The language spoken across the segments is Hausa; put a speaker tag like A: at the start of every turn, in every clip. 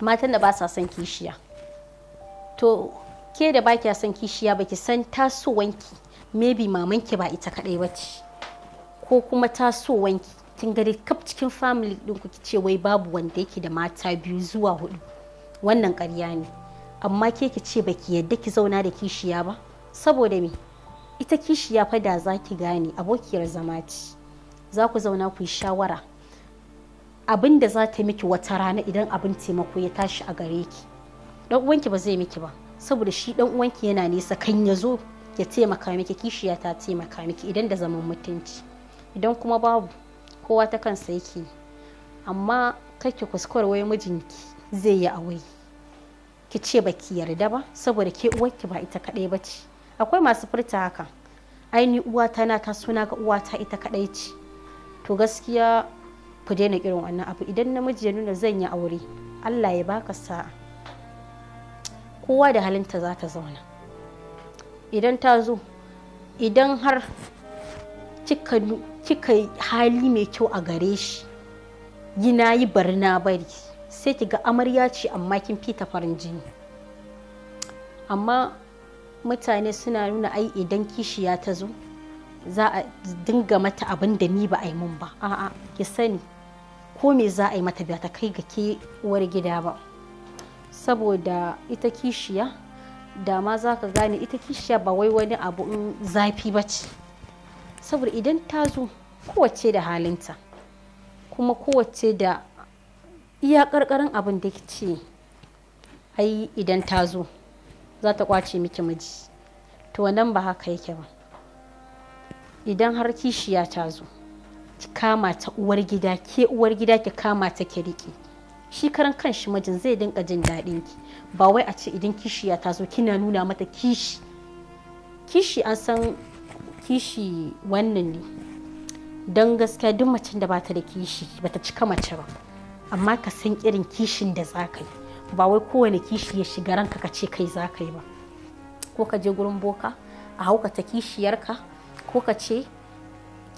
A: matan da ba sa son kishiya to ke da ba kya son kishiya baki san tasowanki maybe mamanki ba ita kadai ba ce ko kuma tasowanki kin gari kaf cikin family din ku ce wai babu wanda yake da mata biyu zuwa hudu wannan ƙarya ne amma ke ki ce baki yadda ki zauna da kishiya ba saboda me ita kishiya fa da za ki gane abokiyar zamaci ce za ku zauna ku yi shawara abin da za ta miki wata rana idan abin taimako ya tashi a gare ki dan uwanki ba zai miki ba saboda shi dan uwanki yana nesa kan ya zo ya taimaka miki kishiya ta taimaka miki idan da zaman mutunci idan kuma babu kowa ta kansa yake amma kake kuskure wai mijinki zai yi awai ki ce ba ki yarda ba saboda ke uwanki ba ita kadai ba ce akwai masu furta haka aini ta na ta suna ga uwa ta ita kadai ce to gaskiya ku daina irin wannan abu idan namiji ya nuna zan yi aure allah ya baka sa'a kowa da halinta za ta zauna idan ta zo idan har kika hali mai kyau a gare shi gina yi bari na bari sai ki ga amarya ce amma kin fita farin jini amma mutane suna nuna ai idan kishiya ta zo za a dinga mata abin da ni ba a yi mun ba a'a ki sani ko me za a yi mata ba ta kai ga ke uwar gida ba saboda ita kishiya da ma za ka gane ita kishiya ba wai wani abu in zafi ba ce saboda idan ta zo kowace da halinta kuma kowace da iya karkarin abin da ce ai idan ta zo za ta kwace miki miji to nan ba haka yake ba idan har kishiya ta zo kama ta uwar gida ke uwar gida ki kama ta ki riƙe shi karan kanshi majin zai dinka jin daɗin ki ba wai a ce idan kishiya ya zo kina nuna mata kishi kishi an san kishi wannan ne don gaskiya duk macen da bata da kishi bata cika mace ba amma ka san irin kishin da za ka yi ba wai kowane kishi ya shiga ranka ka ce kai za ka yi ba ko ka je gurin boka a hauka ta kishiyarka ko ka ce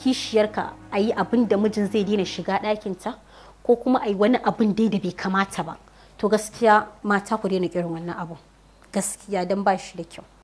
A: kishiyarka a yi abin da mijin zai daina shiga ɗakinta ko kuma a yi wani abin dai da bai kamata ba to gaskiya mata ku daina irin wannan abu gaskiya don ba shi da kyau